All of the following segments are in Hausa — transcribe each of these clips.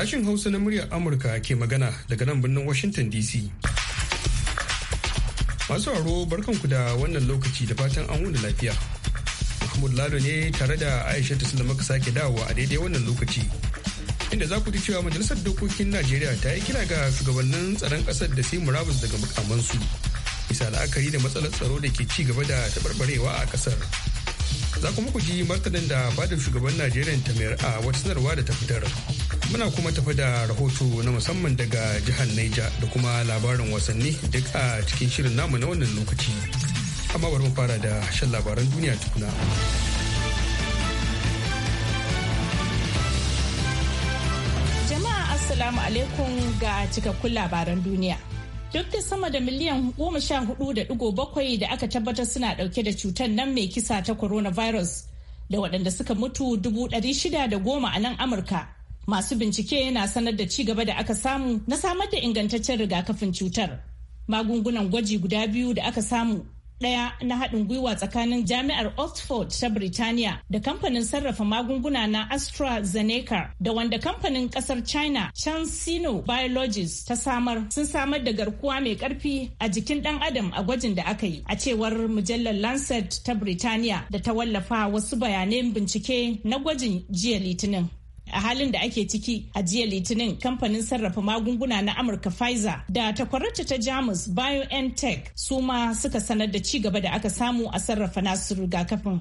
Sashin Hausa na muryar Amurka ke magana daga nan birnin Washington DC. Masu haro barkanku da wannan lokaci da fatan an wuni lafiya. Mahmud Lado ne tare da Aisha Tusula maka sake dawowa a daidai wannan lokaci. Inda za ku ji cewa Majalisar Dokokin Najeriya ta yi kira ga shugabannin tsaron ƙasar da sai murabus daga mukamansu. Bisa la'akari da matsalar tsaro da ke ci gaba da taɓarɓarewa a ƙasar. Za kuma ku ji martanin da fadin shugaban Najeriya ta mayar a wata sanarwa da ta fitar. Muna kuma tafi da rahoto na musamman daga jihar Niger da kuma labarin wasanni duk a cikin shirin namu na wannan lokaci. Amma bari mu fara da shan labaran duniya tukuna. Jama'a Assalamu alaikum ga cikakkun labaran duniya. Duk da sama da miliyan goma sha da bakwai da aka tabbatar suna dauke da cutar nan mai kisa ta coronavirus da waɗanda suka mutu dubu ɗari shida da goma a nan Amurka. Masu bincike na sanar da ci gaba da aka samu na samar da ingantaccen rigakafin cutar. Magungunan gwaji guda biyu da aka samu ɗaya na haɗin gwiwa tsakanin jami'ar oxford ta Birtaniya da kamfanin sarrafa magunguna na AstraZeneca da wanda kamfanin ƙasar China CanSino Biologies ta samar sun samar da garkuwa mai ƙarfi a jikin ɗan adam a gwajin da aka yi a cewar mujallar Lancet ta Birtaniya da ta wallafa wasu bayanan bincike na gwajin jiya Litinin. a halin da ake ciki a jiya litinin kamfanin sarrafa magunguna na amurka pfizer da takwararta ta jamus biontech su ma suka sanar da ci gaba da aka samu a sarrafa nasu rigakafin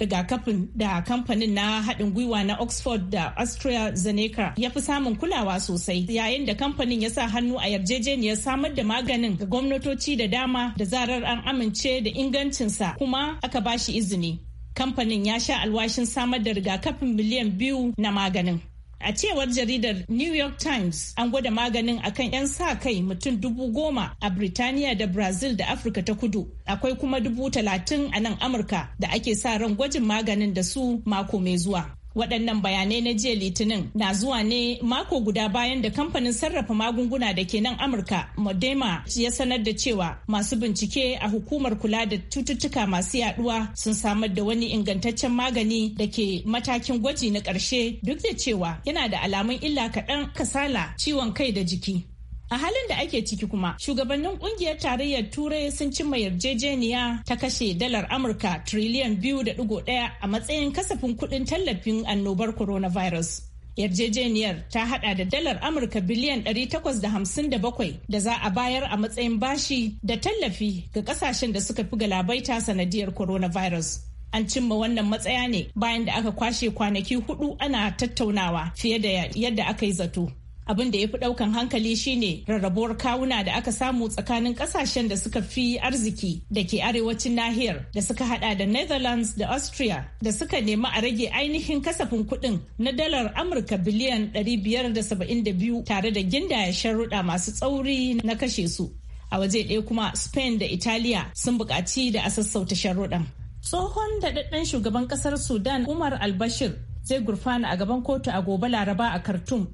rigakafin da kamfanin na haɗin gwiwa na oxford da astrazeneca ya fi samun kulawa sosai yayin da kamfanin ya sa hannu a yarjejeniyar samar da maganin ga gwamnatoci da dama da zarar an amince da ingancinsa kuma aka bashi izini kamfanin ya sha alwashin samar da rigakafin miliyan biyu na maganin A cewar jaridar New York Times, an gwada maganin akan 'yan sa kai mutum dubu goma a Birtaniya da Brazil da Afirka ta kudu. Akwai kuma dubu talatin a nan Amurka da ake sa ran gwajin maganin da su mako mai zuwa. Waɗannan bayanai na jiya Litinin na zuwa ne mako guda bayan da kamfanin sarrafa magunguna da ke nan Amurka Modema ya sanar da cewa masu bincike a hukumar kula da cututtuka masu yaduwa sun samar da wani ingantaccen magani da ke matakin gwaji na ƙarshe duk da cewa yana da alamun illa kaɗan kasala ciwon kai da jiki. A halin da ake ciki kuma, shugabannin kungiyar tarayyar Turai sun cimma yarjejeniya ta kashe dalar Amurka triliyan biyu da digo ɗaya a matsayin kasafin kuɗin tallafin annobar coronavirus. Yarjejeniyar ta hada da dalar Amurka biliyan 857 da za a bayar a matsayin bashi da tallafi ga kasashen da suka fi galabaita sanadiyar coronavirus. an cimma wannan matsaya ne bayan da aka kwashe kwanaki hudu ana tattaunawa fiye da yadda aka yi zato abin da ya fi daukan hankali shine rarrabuwar kawuna da aka samu tsakanin kasashen da suka fi arziki da ke arewacin nahiyar da suka hada da netherlands da austria da suka nemi a rage ainihin kasafin kudin na dalar amurka biliyan 572 tare da gindaya sharuɗa masu tsauri na kashe su a waje ɗaya kuma spain da italiya sun bukaci da a sassauta sharuɗan tsohon daɗaɗɗen shugaban ƙasar sudan umar albashir zai gurfana a gaban kotu a gobe laraba a khartoum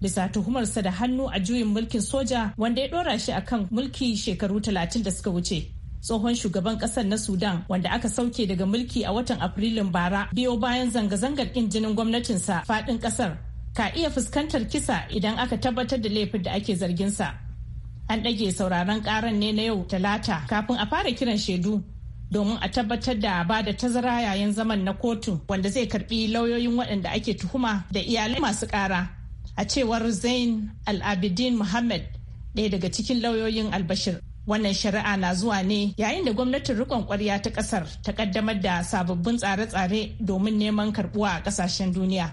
bisa tuhumarsa da hannu a juyin mulkin soja wanda ya dora shi kan mulki shekaru talatin da suka wuce. tsohon shugaban kasar na sudan wanda aka sauke daga mulki a watan afrilun bara biyo bayan zanga-zangar kin jinin gwamnatinsa faɗin kasar ka iya fuskantar kisa idan aka tabbatar da laifin da ake zarginsa an ɗage sauraron ƙaran ne na yau talata kafin a fara kiran shaidu domin a tabbatar da ba da tazara yayin zaman na kotu wanda zai karbi lauyoyin waɗanda ake tuhuma da iyalai masu ƙara a cewar zain al-abidin muhammad ɗaya daga cikin lauyoyin albashir wannan shari'a na zuwa ne yayin da gwamnatin rikon kwarya ta ƙasar ta ƙaddamar da sababbin tsare-tsare domin neman karbuwa a ƙasashen duniya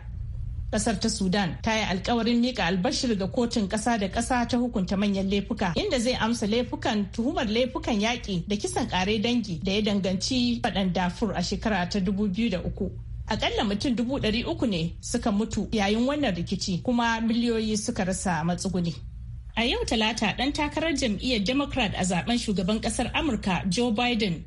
ƙasar ta sudan ta yi alkawarin mika albashir ga kotun ƙasa da ƙasa ta hukunta manyan laifuka inda zai amsa laifukan tuhumar laifukan yaƙi da kisan ƙare dangi da ya danganci faɗan dafur a shekara ta dubu biyu da uku. akalla mutum dubu ɗari uku ne suka mutu yayin wannan rikici kuma miliyoyi suka rasa matsuguni. A yau talata ɗan takarar jam'iyyar Democrat a zaben shugaban ƙasar Amurka Joe Biden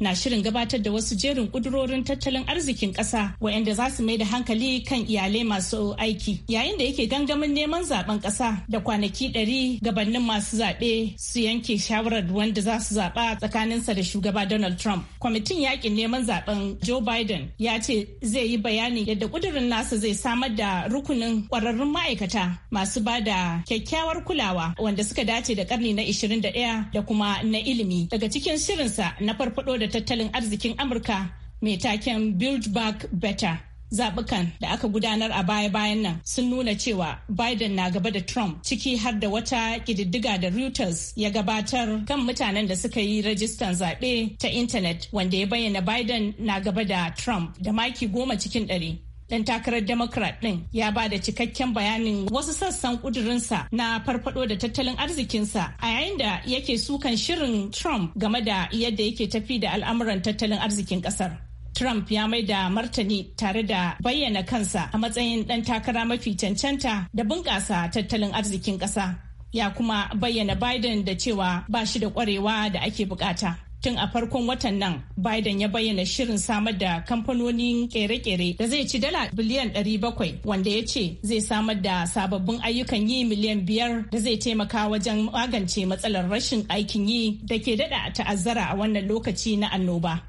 na shirin gabatar da wasu jerin kudurorin tattalin arzikin ƙasa waɗanda za su mai da hankali kan iyalai masu aiki yayin da yake gangamin neman zaben ƙasa da kwanaki ɗari gabanin masu zaɓe su yanke shawarar wanda za su zaɓa tsakaninsa da shugaba Donald Trump. Kwamitin yakin neman zaben Joe Biden ya ce zai yi bayanin yadda kudurin nasa zai samar da rukunin kwararrun ma'aikata masu ba da kyakkyawar kulawa wanda suka dace da karni na 21 da kuma na ilimi daga cikin shirinsa na farfado da da tattalin arzikin Amurka mai taken Build Back Better. zaɓukan da aka gudanar a baya-bayan nan sun nuna cewa Biden na gaba da Trump ciki har da wata ƙididdiga da Reuters ya gabatar kan mutanen da suka yi rajistan zaɓe ta intanet wanda ya bayyana Biden na gaba da Trump da maki goma cikin ɗari. Ɗan takarar democrat din ya ba da cikakken bayanin wasu sassan kudurinsa na farfado da tattalin arzikinsa a yayin da yake sukan shirin trump game da yadda yake tafi da al'amuran tattalin arzikin ƙasar. Trump ya mai da martani tare da bayyana kansa a matsayin ɗan takara mafi cancanta da bunƙasa tattalin arzikin ƙasa. Ya kuma bayyana Biden da cewa ba shi da ƙwarewa da ake bukata. Tun a farkon watan nan, Biden ya bayyana shirin samar da kamfanonin kere-kere da zai ci dala biliyan 700 wanda ya ce zai samar da sababbin ayyukan yi miliyan biyar da zai taimaka wajen magance matsalar rashin aikin yi da ke dada ta'azzara a wannan lokaci na annoba.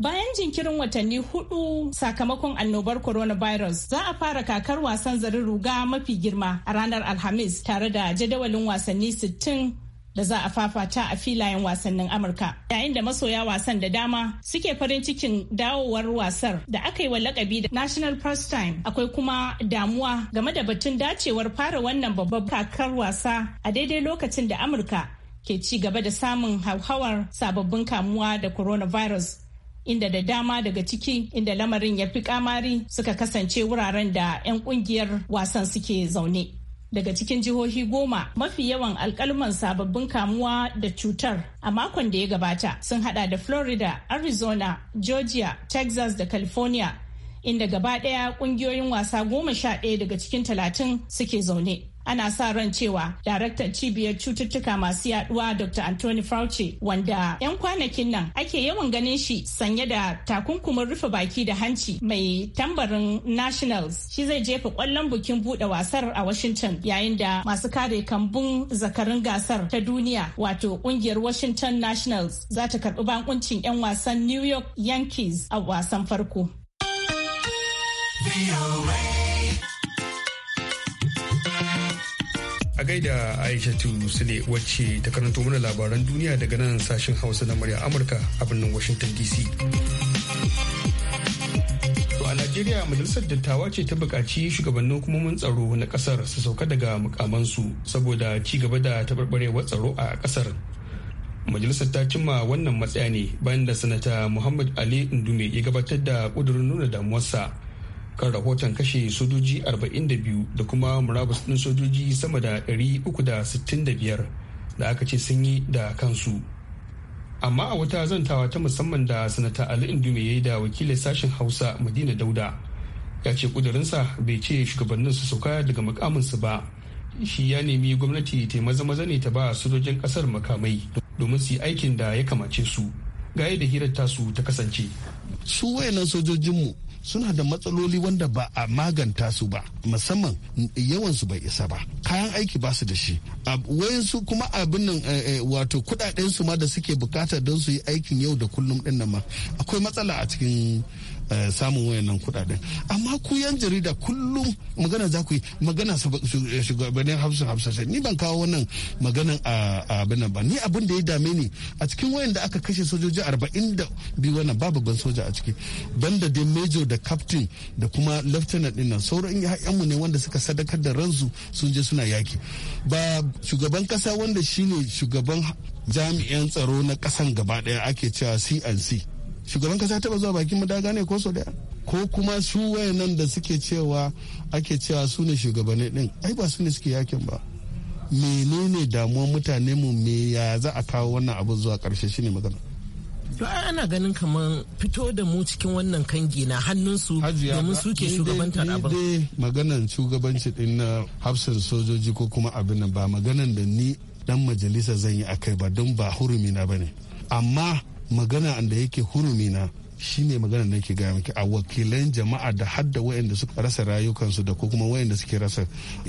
Bayan jinkirin watanni hudu sakamakon annobar coronavirus za a fara kakar wasan zarin ruga mafi girma a ranar Alhamis tare da jadawalin wasanni sittin. da za a fafata a filayen wasannin Amurka. Yayin da masoya wasan da dama suke farin cikin dawowar wasar da aka yi wa lakabi da National First Time. Akwai kuma damuwa game da batun dacewar fara wannan babbar kakar wasa a daidai lokacin da Amurka ke ci gaba da samun hauhawar sababbin kamuwa da coronavirus inda da dama daga ciki inda lamarin ya fi kamari suka kasance wuraren da 'yan kungiyar wasan suke zaune. daga cikin jihohi goma mafi yawan alkalman sababbin kamuwa da cutar a makon da ya gabata sun hada da florida arizona georgia texas da california inda gaba daya kungiyoyin wasa goma sha ɗaya daga cikin talatin suke zaune ana sa ran cewa daraktan cibiyar cututtuka masu yaduwa dr anthony fauci wanda 'yan kwanakin nan ake yawan ganin shi sanye da takunkumin rufe baki da hanci mai tambarin nationals shi zai jefa kwallon bukin bude wasar a washington yayin da masu kare kambun zakarin gasar ta duniya wato kungiyar washington nationals za ta karbi bankuncin 'yan wasan new york yankees a wasan farko. a gaida aishatu sule wacce ta karanto mana labaran duniya daga nan sashen hausa na murya amurka a birnin washington dc a najeriya majalisar dattawa ce ta bukaci shugabannin hukumomin tsaro na kasar su sauka daga mukamansu saboda ci gaba da taɓarɓarewar tsaro a kasar majalisar ta cimma wannan matsaya ne bayan da sanata muhammad ali ndume ya gabatar da ƙudurin nuna damuwarsa kan rahoton kashe sojoji 42 da kuma murabus ɗin sojoji sama da 365 da aka ce sun yi da kansu amma a wata zantawa ta musamman da sanata ali indume ya yi da wakilin sashen hausa madina dauda ya ce kudurinsa bai ce shugabannin su sauka daga mukaminsu ba shi ya nemi gwamnati ta maza maza ne ta ba sojojin kasar makamai domin su yi aikin da ya kamace su Gaye da hirar tasu ta kasance su wayannan sojojinmu suna da matsaloli wanda ba a maganta su ba musamman yawansu bai isa ba kayan aiki ba su da shi wayansu kuma abin nan eh, eh, wato kudaden su ma da suke bukata don su yi aikin yau da kullum din nan ma akwai matsala a cikin Eh, samun wayannan kudaden amma ku yan jarida kullum magana za ku yi magana eh, shugabannin hafsan hafsashe ni ban kawo wannan maganan a abin nan ba ni abin da ya dame ni a cikin da aka kashe sojoji arba'in da biyu wannan babu ban soja a ciki banda da major da captain da kuma lieutenant din nan sauran mu ne wanda suka sadakar da ransu sun je suna yaki ba shugaban kasa wanda shine shugaban jami'an tsaro na kasan gaba daya ake cewa cnc shugaban kasa taba zuwa bakin madaga ne ko so daya ko kuma su wayannan da suke cewa ake cewa su ne shugabanni din ai ba su ne suke yakin ba menene damuwar mutane mu me ya za a kawo wannan abu zuwa karshe shine magana to ana ganin kamar fito da mu cikin wannan kangi na hannunsu domin su ke shugabantar abin ni maganan shugabanci din na hafsan sojoji ko kuma abin nan ba maganan da ni dan majalisa zan yi akai ba don ba hurumi na bane amma magana da yake hurumina shine magana da yake gaya miki a wakilan jama'a da hadda wayanda suka rasa rayukansu da ko kuma wayanda suke rasa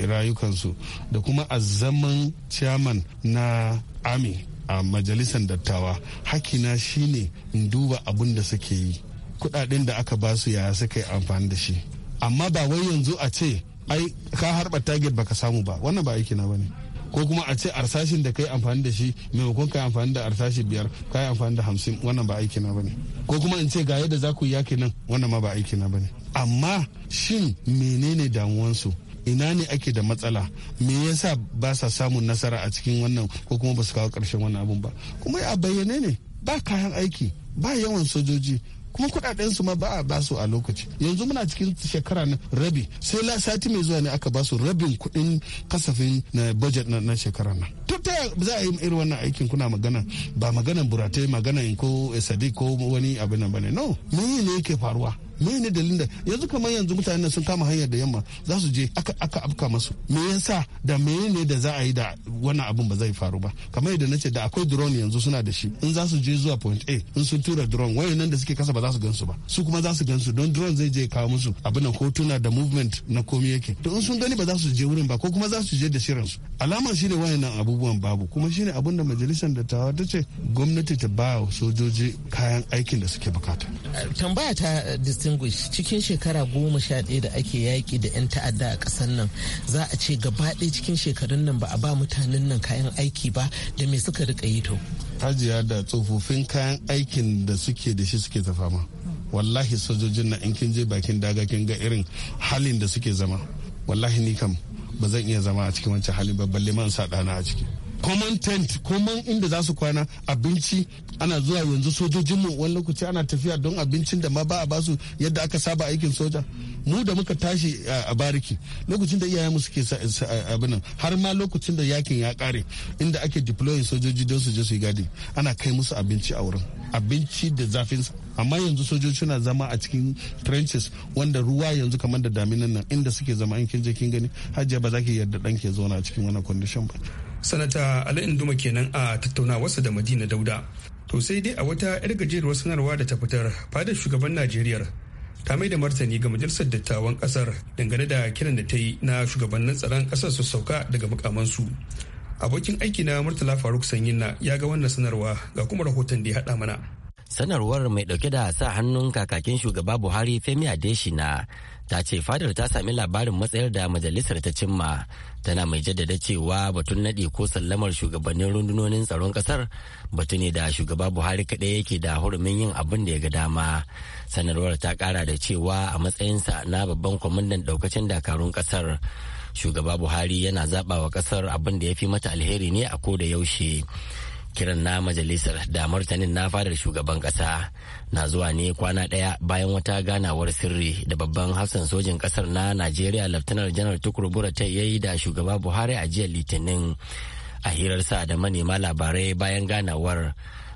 rayukansu da kuma a zaman chairman na ami a majalisar dattawa hakina shine in duba abin da suke yi kudaden da aka ba su yaya suka yi amfani da shi amma ba wai yanzu a ce ai ka harba target baka samu ba wannan ba aiki na bane ko kuma a ce arsashin da kai amfani da shi maimakon kai amfani da arsashi biyar kai amfani da hamsin wannan ba aiki na bane ko kuma in ce ga yadda za ku yi yaki nan wannan ma ba aiki na bane amma shin menene damuwansu ina ne ake da matsala me yasa ba sa samun nasara a cikin wannan ko kuma ba su kawo karshen wannan abun ba kuma a bayyane ne ba kayan aiki ba yawan sojoji kuma kudaden su ma ba a basu a lokaci yanzu muna cikin shekara na rabi sai la sati mai zuwa ne aka basu rabin kuɗin kasafin na budget na shekara nan duk ta za a yi irin wannan aikin kuna magana ba maganan buratai maganan ko Sadik ko wani abin nan bane no mun yi ne yake faruwa me ne dalilin da yanzu kamar yanzu mutanen sun kama hanyar da yamma za su je aka aka afka masu me yasa da me ne da za a yi da wannan abin ba zai faru ba kamar yadda ce da akwai drone yanzu suna da shi in za su je zuwa point A in sun tura drone nan da suke kasa ba za su gansu ba su kuma za su gansu don drone zai je kawo musu abin hotuna da movement na komi yake to in sun gani ba za su je wurin ba ko kuma za su je da shirin su alama shine wayannan abubuwan babu kuma shine abin da majalisar dattawa ta ce gwamnati ta ba sojoji kayan aikin da suke bukata tambaya ta distinguish cikin shekara goma sha ɗaya da ake yaƙi da 'yan ta'adda a ƙasar nan za a ce gaba ɗaya cikin shekarun nan ba a ba mutanen nan kayan aiki ba da me suka rika yi to. Hajiya da tsofaffin kayan aikin da suke da shi suke ta fama. Wallahi sojojin na in kin je bakin daga kin ga irin halin da suke zama. Wallahi ni kam ba zan iya zama a cikin wancan halin ba balle man sa ɗana a ciki. common tent common inda za su kwana abinci ana zuwa yanzu sojojinmu wani lokaci ana tafiya don abincin da ma ba a basu yadda aka saba aikin soja mu da muka tashi a bariki lokacin da iyayenmu suke abinan har ma lokacin da yakin ya kare inda ake deploy sojoji don su je su yi gadi ana kai musu abinci a wurin abinci da zafin amma yanzu sojoji suna zama a cikin trenches wanda ruwa yanzu kamar da daminan nan inda suke zama in kin je kin gani hajiya ba za ki yarda dan ke zauna a cikin wannan condition ba sanata ali induma kenan a tattaunawarsa da madina dauda to sai dai a wata yar gajeruwar sanarwa da ta fitar fadar shugaban najeriya ta mai da martani ga majalisar dattawan kasar dangane da kiran da ta yi na shugabannin tsaron kasar su sauka daga mukamansu abokin aiki na murtala faruk sanyinna ya ga wannan sanarwa ga kuma rahoton da ya haɗa mana sanarwar mai dauke da sa hannun kakakin shugaba buhari femi adeshina ta ce fadar ta sami labarin matsayar da majalisar ta cimma tana mai jaddada cewa batun nadi ko sallamar shugabannin rundunonin tsaron kasar batu ne da shugaba buhari kaɗai yake da hurumin yin abin da ya ga dama sanarwar ta kara da cewa a matsayinsa na babban kwamandan ɗaukacin dakarun kasar shugaba buhari yana zaɓa wa ƙasar abin da ya fi mata alheri ne a ko da yaushe kiran na majalisar da martanin na fadar shugaban kasa na zuwa ne kwana ɗaya bayan wata ganawar sirri da babban hafsan sojin kasar na najeriya laftanar janar tukur burata ya yi da shugaba buhari a jiya litinin a hirarsa da manema labarai bayan ganawar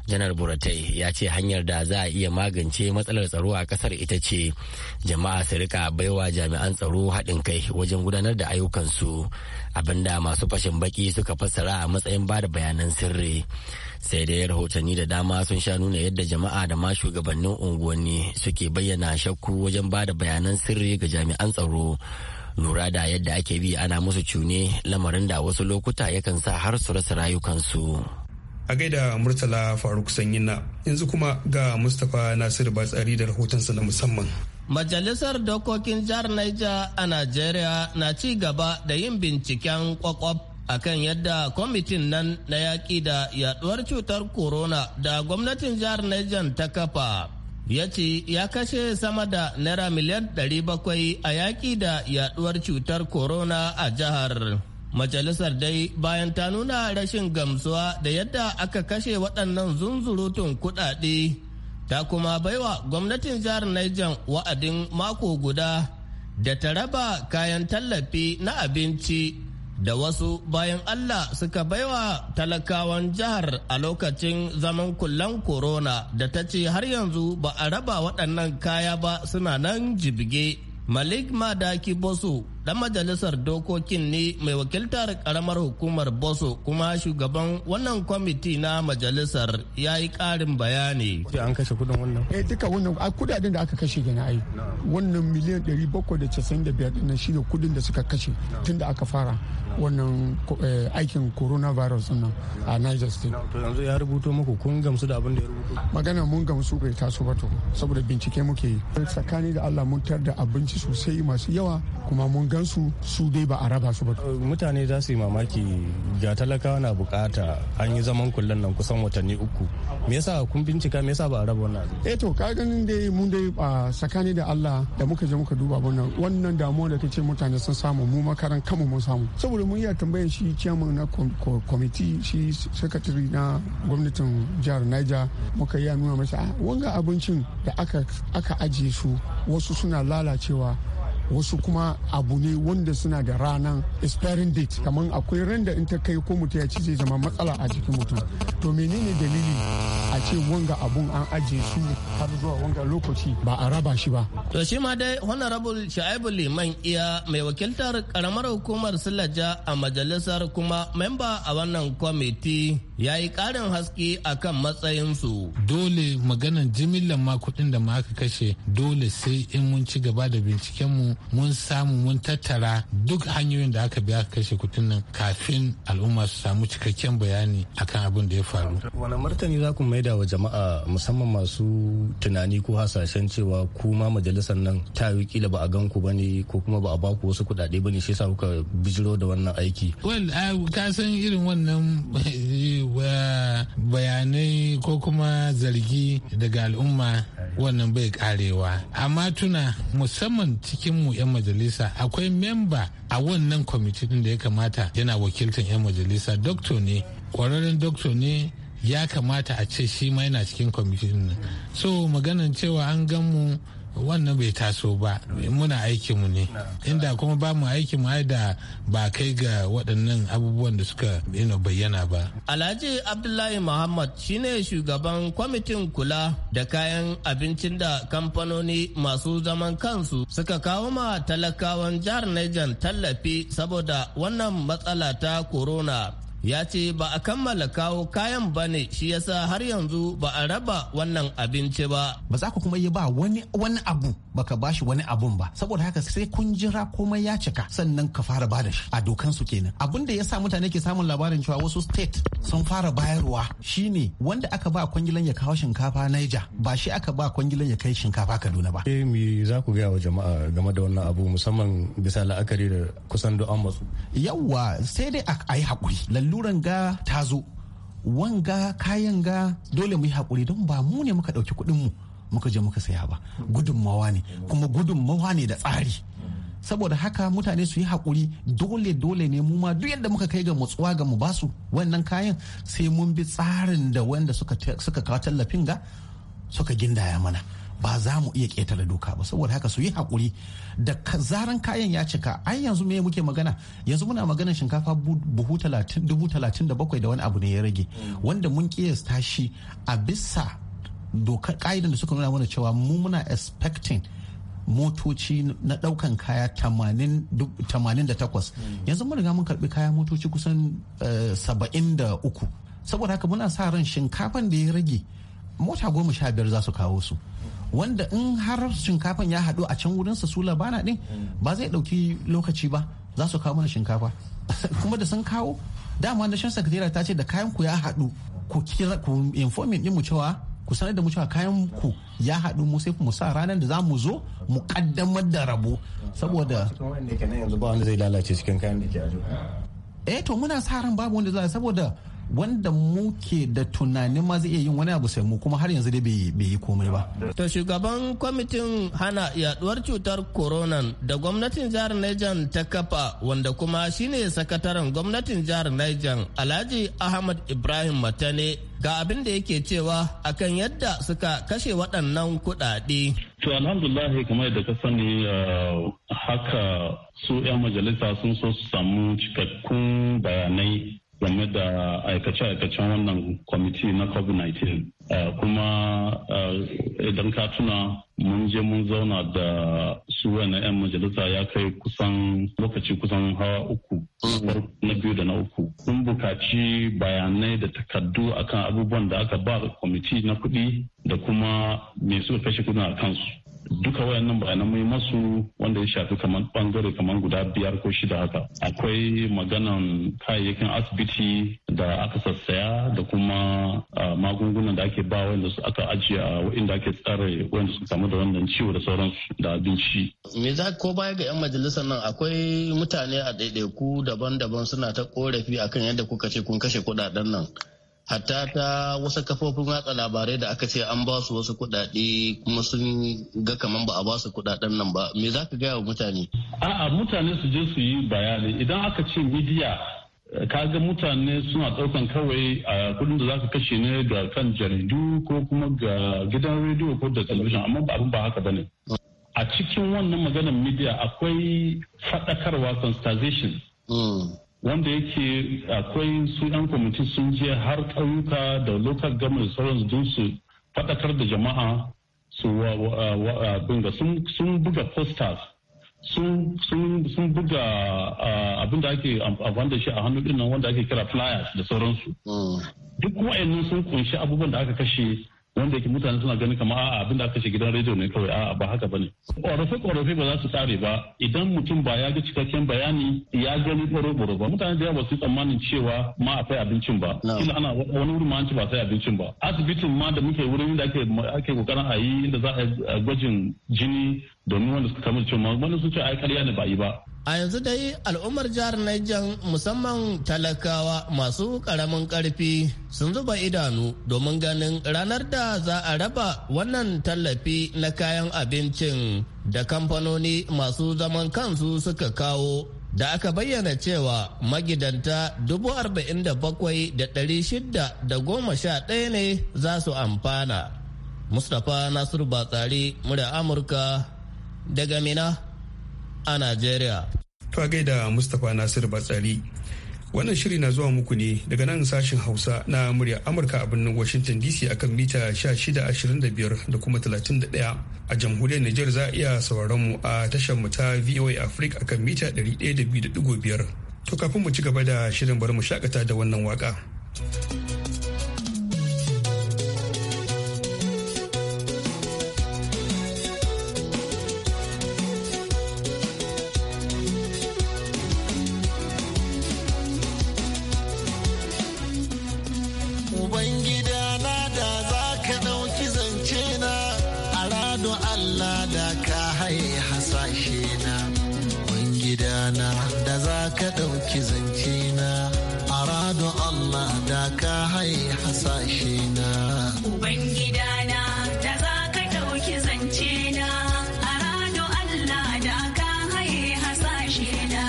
janar buratai ya ce hanyar da za a iya magance matsalar tsaro a kasar ita ce jama'a su rika baiwa jami'an tsaro haɗin kai wajen gudanar da ayyukansu abinda masu fashin baki suka fassara a matsayin ba da bayanan sirri sai dai rahotanni da dama sun sha nuna yadda jama'a da ma shugabannin unguwanni suke bayyana shakku wajen ba da bayanan sirri ga jami'an tsaro lura da yadda ake bi ana musu cune lamarin da wasu lokuta yakan sa har su rasa rayukansu. a gaida murtala faruk sanyina yanzu kuma ga mustapha nasiru batsari da rahotonsa na musamman Majalisar Dokokin Jihar Niger a Najeriya na ci gaba da yin binciken kwakwaf kan yadda kwamitin nan na yaƙi da yaduwar cutar corona da gwamnatin jihar Niger ta kafa. Ya ce ya kashe sama da naira miliyan 700 a yaƙi da yaduwar cutar corona a jihar. Majalisar dai bayan ta nuna rashin gamsuwa da yadda aka kashe waɗannan zunzurutun kuɗaɗe ta kuma baiwa gwamnatin jihar Niger wa'adin mako guda da ta raba kayan tallafi na abinci da wasu bayan Allah suka baiwa talakawan jihar a lokacin zaman kullan korona da ta ce har yanzu ba a raba waɗannan kaya ba suna nan jibge. Malik Madaki Bosu dan majalisar dokokin ne mai wakiltar karamar hukumar boso kuma shugaban wannan kwamiti na majalisar ya yi karin bayani an kashe kudin wannan eh duka wannan kudaden da aka kashe gina ai wannan miliyan 795 din shine kudin da suka kashe tun da aka fara wannan eh, aikin coronavirus nan a Niger state to yanzu ya rubuto muku kun gamsu da abin da ya rubuto magana mun gamsu bai taso ba to saboda bincike muke yi tsakani da Allah mun tar da abinci sosai masu yawa kuma mun ga gidansu su dai ba a raba su ba eh, mutane za su yi mamaki ga talakawa na bukata an yi zaman kullun nan kusan watanni uku me yasa kun bincika me yasa ba a raba wannan eh to ka ganin dai mun dai a sakani da Allah da muka je muka duba wannan wannan damuwa da kace mutane sun samu mu makaran kanmu mun samu saboda mun iya tambayan shi chairman na committee shi secretary na gwamnatin jihar Niger muka yi nuna masa ah, wanga abincin da aka ajiye su wasu suna lalacewa wasu kuma abu ne wanda suna da ranar expiring date kamar akwai ran da in ta kai ko mutu ya ci zai zama matsala a jikin mutum to menene dalili a ce wanga abun an ajiye su har zuwa wanga lokaci ba a raba shi ba to shi ma dai honorable shaibu liman iya mai wakiltar karamar hukumar silaja a majalisar kuma memba a wannan kwamiti ya yi karin haske akan matsayinsu dole maganan jimillan ma kuɗin da ma aka kashe dole sai in mun ci gaba da bincikenmu mun samu mun tattara duk hanyoyin da aka biya kashe kuɗin nan kafin al'umma su samu cikakken bayani akan abin da ya faru. Wani martani za ku maida wa jama'a musamman masu tunani ko hasashen cewa kuma majalisar nan ta yi kila ba a gan ku bane ko kuma ba a ba ku wasu kuɗaɗe bane shi yasa kuka bijiro da wannan aiki. ka san irin wannan bayanai ko kuma zargi daga al'umma wannan bai karewa amma tuna musamman cikin mu 'yan majalisa akwai memba a wannan kwamiti din da ya kamata yana wakiltan 'yan majalisa doktor ne kwararren doktor ne ya kamata a ce shi ma yana cikin kwamitin nan so maganan cewa an gan mu wannan bai taso ba muna aikinmu ne inda kuma ba mu aikinmu ai da ba kai ga waɗannan abubuwan da suka bayyana ba alhaji abdullahi muhammad shine shugaban kwamitin kula da kayan abincin da kamfanoni masu zaman kansu suka kawo ma talakawan jihar niger tallafi saboda wannan matsala ta corona ya ce ba a kammala kawo kayan ba ne shi yasa har yanzu ba a raba wannan abinci ba ba za ku kuma yi ba wani wani abu baka bashi wani abun ba saboda haka sai kun jira komai ya cika sannan ka fara ba da shi a dokan su kenan Abun da ya sa mutane ke samun labarin cewa wasu state sun fara bayarwa shine wanda aka ba kwangilan ya kawo shinkafa Niger ba shi aka ba kwangilan ya kai shinkafa Kaduna ba eh me za ku ga wa jama'a game da wannan abu musamman bisa la'akari da kusan do an matsu yawa sai dai a yi hakuri alluran ga ta zo wanga kayan ga dole mu yi haƙuri don ba mu ne muka ɗauki kuɗin mu muka je muka saya ba gudunmawa ne kuma gudunmawa ne da tsari saboda haka mutane su yi haƙuri dole dole ne mu ma duk yadda muka kai ga matsuwa ga mu basu wannan kayan sai mun bi tsarin da wanda suka kawo tallafin ga suka gindaya mana ba za mu iya ƙetare doka ba saboda haka su yi haƙuri da zaran kayan ya cika ai yanzu me muke magana yanzu muna magana shinkafa buhu dubu talatin da bakwai da wani abu ne ya rage wanda mun kiyasta shi a bisa dokar ƙa'idan da suka nuna mana cewa mu muna expecting motoci na daukan kaya 88 yanzu mun riga mun karbi kaya motoci kusan 73 eh, saboda haka muna sa ran shinkafan da ya rage mota goma sha biyar za su kawo su wanda in har shinkafan ya haɗu a can wurinsa su labana ɗin ba zai ɗauki lokaci ba za su kawo mana shinkafa kuma da sun kawo dama na shan sakatera ta ce da kayan ku ya haɗu ku kira ku informin din mu cewa ku sanar da mu cewa kayan ku ya haɗu mu sai mu sa ranar da za mu zo mu kaddamar da rabo saboda yanzu ba wanda zai lalace cikin kayan da ke eh to muna sa ran babu wanda za saboda wanda muke da tunanin ma zai iya yin wani abu sai mu kuma har yanzu dai bai yi komai ba. To shugaban kwamitin hana yaduwar cutar corona da gwamnatin jihar Niger ta kafa wanda kuma shine sakataren gwamnatin jihar Niger Alhaji Ahmad Ibrahim Matane ga abin da yake cewa akan yadda suka kashe waɗannan kuɗaɗe. To alhamdulillah kamar yadda ka sani uh, haka su 'yan majalisa sun so su samu cikakkun bayanai game da aikace-aikacen wannan kwamiti na covid-19 uh, kuma uh, idan ka tuna mun je mun zauna da su na 'yan majalisa ya kai kusan lokaci kusan hawa uku na biyu da na uku sun bukaci bayanai da takardu akan abubuwan da aka ba kwamiti na kuɗi da kuma me suka kashe kudin a kansu duka wayannan bayanan mai masu wanda ya shafi kamar bangare kamar guda biyar ko shida haka akwai maganan kayayyakin asibiti da aka sassaya da kuma magungunan da ake ba wanda su aka ajiye a inda ake tsare wanda su samu da wannan ciwo da sauransu da abinci. me za ko baya ga 'yan majalisar nan akwai mutane a ɗaiɗaiku daban-daban suna ta korafi akan yadda kuka ce kun kashe kuɗaɗen nan hatta ta wasu kafofin watsa labarai da aka ce an ba su wasu kuɗaɗe kuma sun ga kaman ba a ba su kuɗaɗen nan ba me za ka gaya wa mutane a'a mutane su je su yi bayani idan aka ce midiya ka ga mutane suna ɗaukan kawai a kudin da za ka kashe ne ga kan jaridu ko kuma ga gidan rediyo ko da talabijin amma ba abin ba haka bane a cikin wannan maganar midiya akwai faɗakarwa sensitization hmm. wanda yake akwai su 'yan kwamiti sun je har ƙauyuka da local government sauransu don su faɗakar da jama'a su wa sun buga posters sun buga abin da ake amfani da shi a hannu dinnan wanda ake kira flyers da sauransu hmm. duk wa'annan sun kunshi abubuwan da aka kashe wanda yake mutane suna ganin kama a'a abin da aka shiga gidan rediyo ne kawai a'a ba haka bane ƙorafe ƙorafe ba za su tsare ba idan mutum ba ya ga cikakken bayani ya gani boro ba mutane da yawa ba su tsammanin cewa ma a akwai abincin ba kila ana wani wurin ma an ci ba sai abincin ba asibitin ma da muke wurin da ake ake kokarin a yi inda za a gwajin jini domin wanda suka kamar cewa wani sun ce ai ƙarya ne ba yi ba A yanzu dai al'ummar jihar Niger musamman talakawa masu ƙaramin ƙarfi sun zuba idanu domin ganin ranar da za a raba wannan tallafi na kayan abincin da kamfanoni masu zaman kansu suka kawo da aka bayyana cewa magidanta da goma sha ɗaya ne za su amfana. Mustapha Nasiru Batsari, murya Amurka daga Mina a Najeriya. ka gaida Mustapha Nasir Batsari. Wannan shiri na zuwa muku ne daga nan sashen Hausa na murya Amurka a birnin Washington DC akan mita 1625 da kuma 31 a jamhuriyar Nijar za a iya sauraron mu a tashar mu ta VOA Africa akan mita 102.5. To kafin mu ci gaba da shirin bari mu shakata da wannan waka. fahimci zance na arado Allah da ka hai hasashe na ubangida na da za ka ɗauki zance na arado Allah da ka hai hasashe na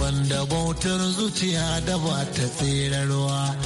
wanda bautar zuciya da ba ta tsirarwa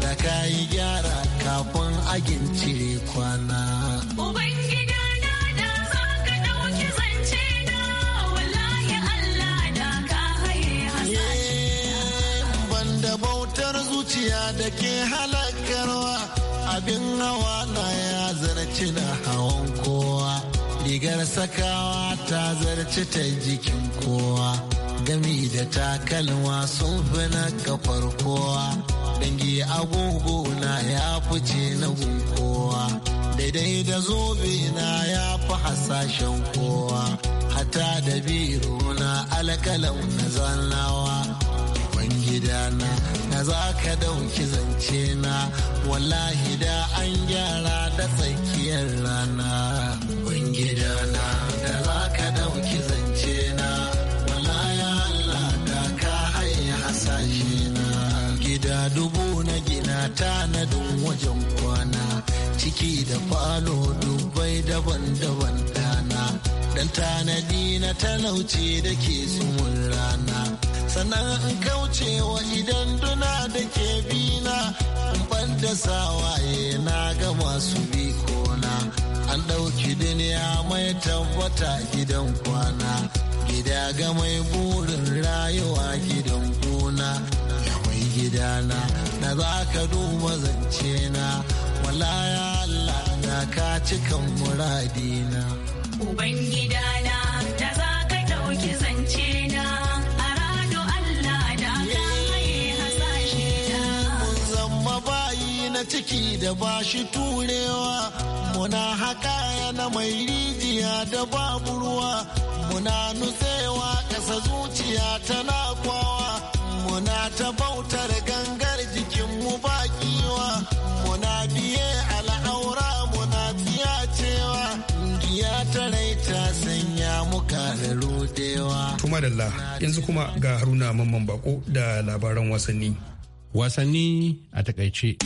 da ka yi gyara kafin agin cire kwana. Ubangida na ka ɗauki zance na Allah da ka eh, Banda bautar zuciya da ke halakarwa abin hawa na ya zarci na hawan kowa. Rigar sakawa ta zarci ta jikin kowa. Gami da takalma sun fi na kafar kowa. dangi agogo na ya fice na kowa daidai da zobe na ya fi hasashen kowa hata da biro na alkalau na zannawa gidana na za ka dauki zance na wallahi da an gyara da tsakiyar rana tanadin wajen kwana ciki da falo dubbai daban-daban dana dan tanadi na talauce da ke tsumin rana sannan in kaucewa idan duna da ke bina in ban da sawaye na ga masu bikona an ɗauki duniya mai tabbata gidan kwana gida ga mai burin rayuwa gidan gona ya mai gidana da za ka duba zance na wala ya Allah na ka cikan muradina ubangida na da za ka dauki zance na arado Allah da ka yi hasashe na mun zama bayi na ciki da ba shi turewa muna haka na mai rijiya da babu ruwa muna nutsewa ƙasa zuciya ta kwawa muna ta bautar ganga Tuma Dalla yanzu kuma ga Haruna Mamman Bako da labaran wasanni. Wasanni a takaice.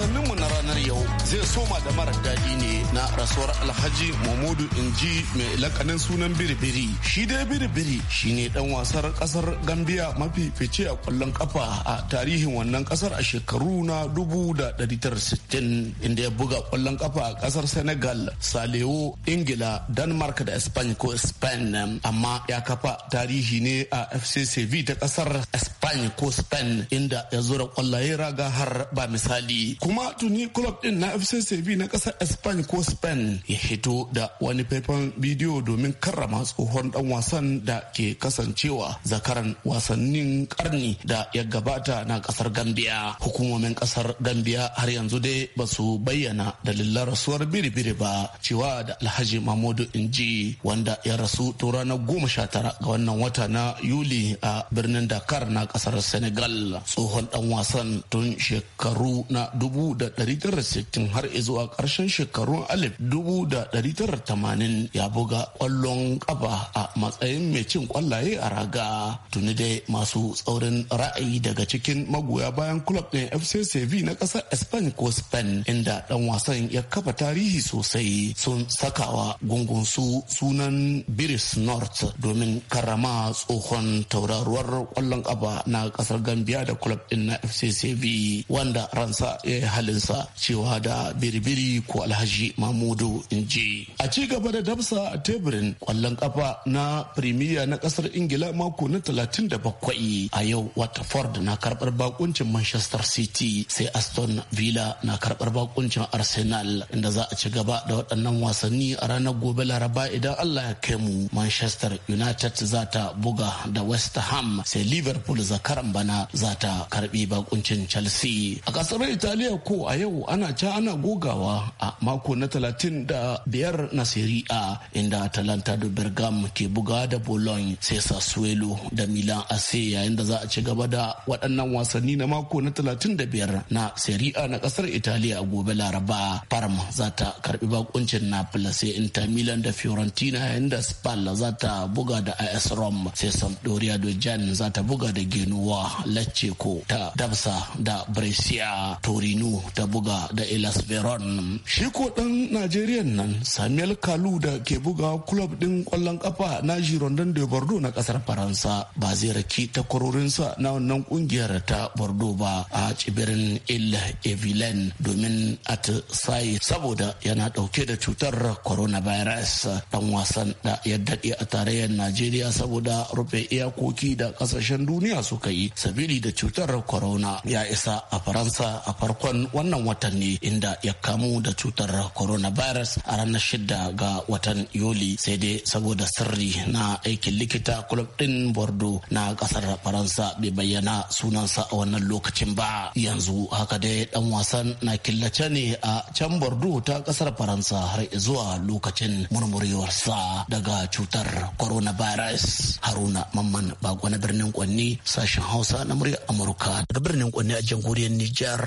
Wasanninmu na ranar yau zai soma da marar daɗi ne na rasuwar Alhaji Mahmudu Inji mai lakanin sunan Biribiri. Shi dai Biribiri shi ne ɗan wasar ƙasar Gambia mafi fice a kwallon kafa a tarihin wannan kasar a shekaru na 1960 inda ya buga kwallon kafa a kasar Senegal, Salewo, Ingila, danmark da Spain ko Spain. Amma ya kafa tarihi ne a FC ta kasar. Spain ko Spain inda ya zura ƙwallaye raga har ba misali. kuma tuni club din na FC na kasar Spain ko Spain ya hito da wani faifan bidiyo domin karrama tsohon dan wasan da ke kasancewa zakaran wasannin karni da ya gabata na kasar Gambia hukumomin kasar Gambia har yanzu dai ba su bayyana dalilan rasuwar biribiri ba cewa da Alhaji Mahmudu Inji wanda ya rasu tura na goma sha tara ga wannan wata na Yuli a birnin Dakar na kasar Senegal tsohon dan wasan tun shekaru na dubu 1960 har zuwa ƙarshen shekarun 1980 ya buga kwallon kaba a matsayin mai cin kwallaye a raga tuni dai masu tsaurin ra'ayi daga cikin magoya bayan club ɗin FC sevi na ƙasar Spain ko Spain inda ɗan wasan ya kafa tarihi sosai sun sakawa gungun su sunan Biris North domin karama tsohon tauraruwar kwallon kaba na ƙasar Gambia da club ɗin na FC sevi wanda ransa ya halinsa cewa da biribiri ko alhaji mamudu inji a ci gaba da damsa a teburin kwallon kafa na firimiya na kasar ingila mako na 37 a yau waterford na karbar bakuncin manchester city sai aston villa na karbar bakuncin arsenal inda za a ci gaba da waɗannan wasanni a ranar gobe laraba idan allah ya kai mu manchester united za ta buga da west ham sai liverpool zakaran bana za ta karbi bakuncin chelsea a kasar italiya ya ko a yau ana ca ana gogawa a mako na talatin da biyar na Serie A inda Atalanta da Bergam ke buga da Bologna sai Sassuolo da Milan AC yayin da za a ci gaba da waɗannan wasanni na mako na talatin da biyar na Serie A na ƙasar Italiya gobe Laraba. Parma za ta karbi bakuncin Napoli sai Inter Milan da Fiorentina yayin da Spal za ta buga da AS Roma sai Sampdoria da Jan za ta buga da Genoa Lecce ko ta Dabsa da Brescia Torino Benue ta buga da Elas Veron. Shi ko ɗan Najeriya nan Samuel Kalu da ke buga kulob ɗin ƙwallon ƙafa na Girondin de Bordeaux na ƙasar Faransa ba zai raki takwarorinsa na wannan ƙungiyar ta Bordeaux ba a tsibirin Il Evilen domin atisaye saboda yana ɗauke da cutar coronavirus ɗan wasan da ya daɗe a tarayyar Najeriya saboda rufe iyakoki da ƙasashen duniya suka yi sabili da cutar corona ya isa a Faransa a farkon farkon wannan watanni inda ya kamu da cutar coronavirus a ranar shida ga watan yuli sai dai saboda sirri na aikin likita club din bordeaux na kasar faransa bai bayyana sunansa a wannan lokacin ba yanzu haka dai dan wasan na killace ne a can bordeaux ta kasar faransa har zuwa lokacin murmurewarsa daga cutar coronavirus haruna mamman bako na birnin kwanni sashen hausa na murya amurka da birnin kwanni a jamhuriyar nijar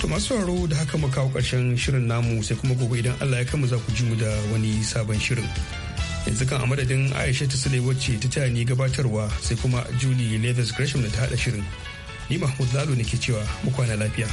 To masu sauraro da haka mu kawo ƙarshen shirin namu sai kuma gobe idan Allah ya kama za ku ji mu da wani sabon shirin. Yanzu kan a madadin Aisha ta Sule wacce ta taya ni gabatarwa sai kuma Julie levis Gresham da ta haɗa shirin. Ni Mahmud Lalo ne ke cewa mu kwana lafiya.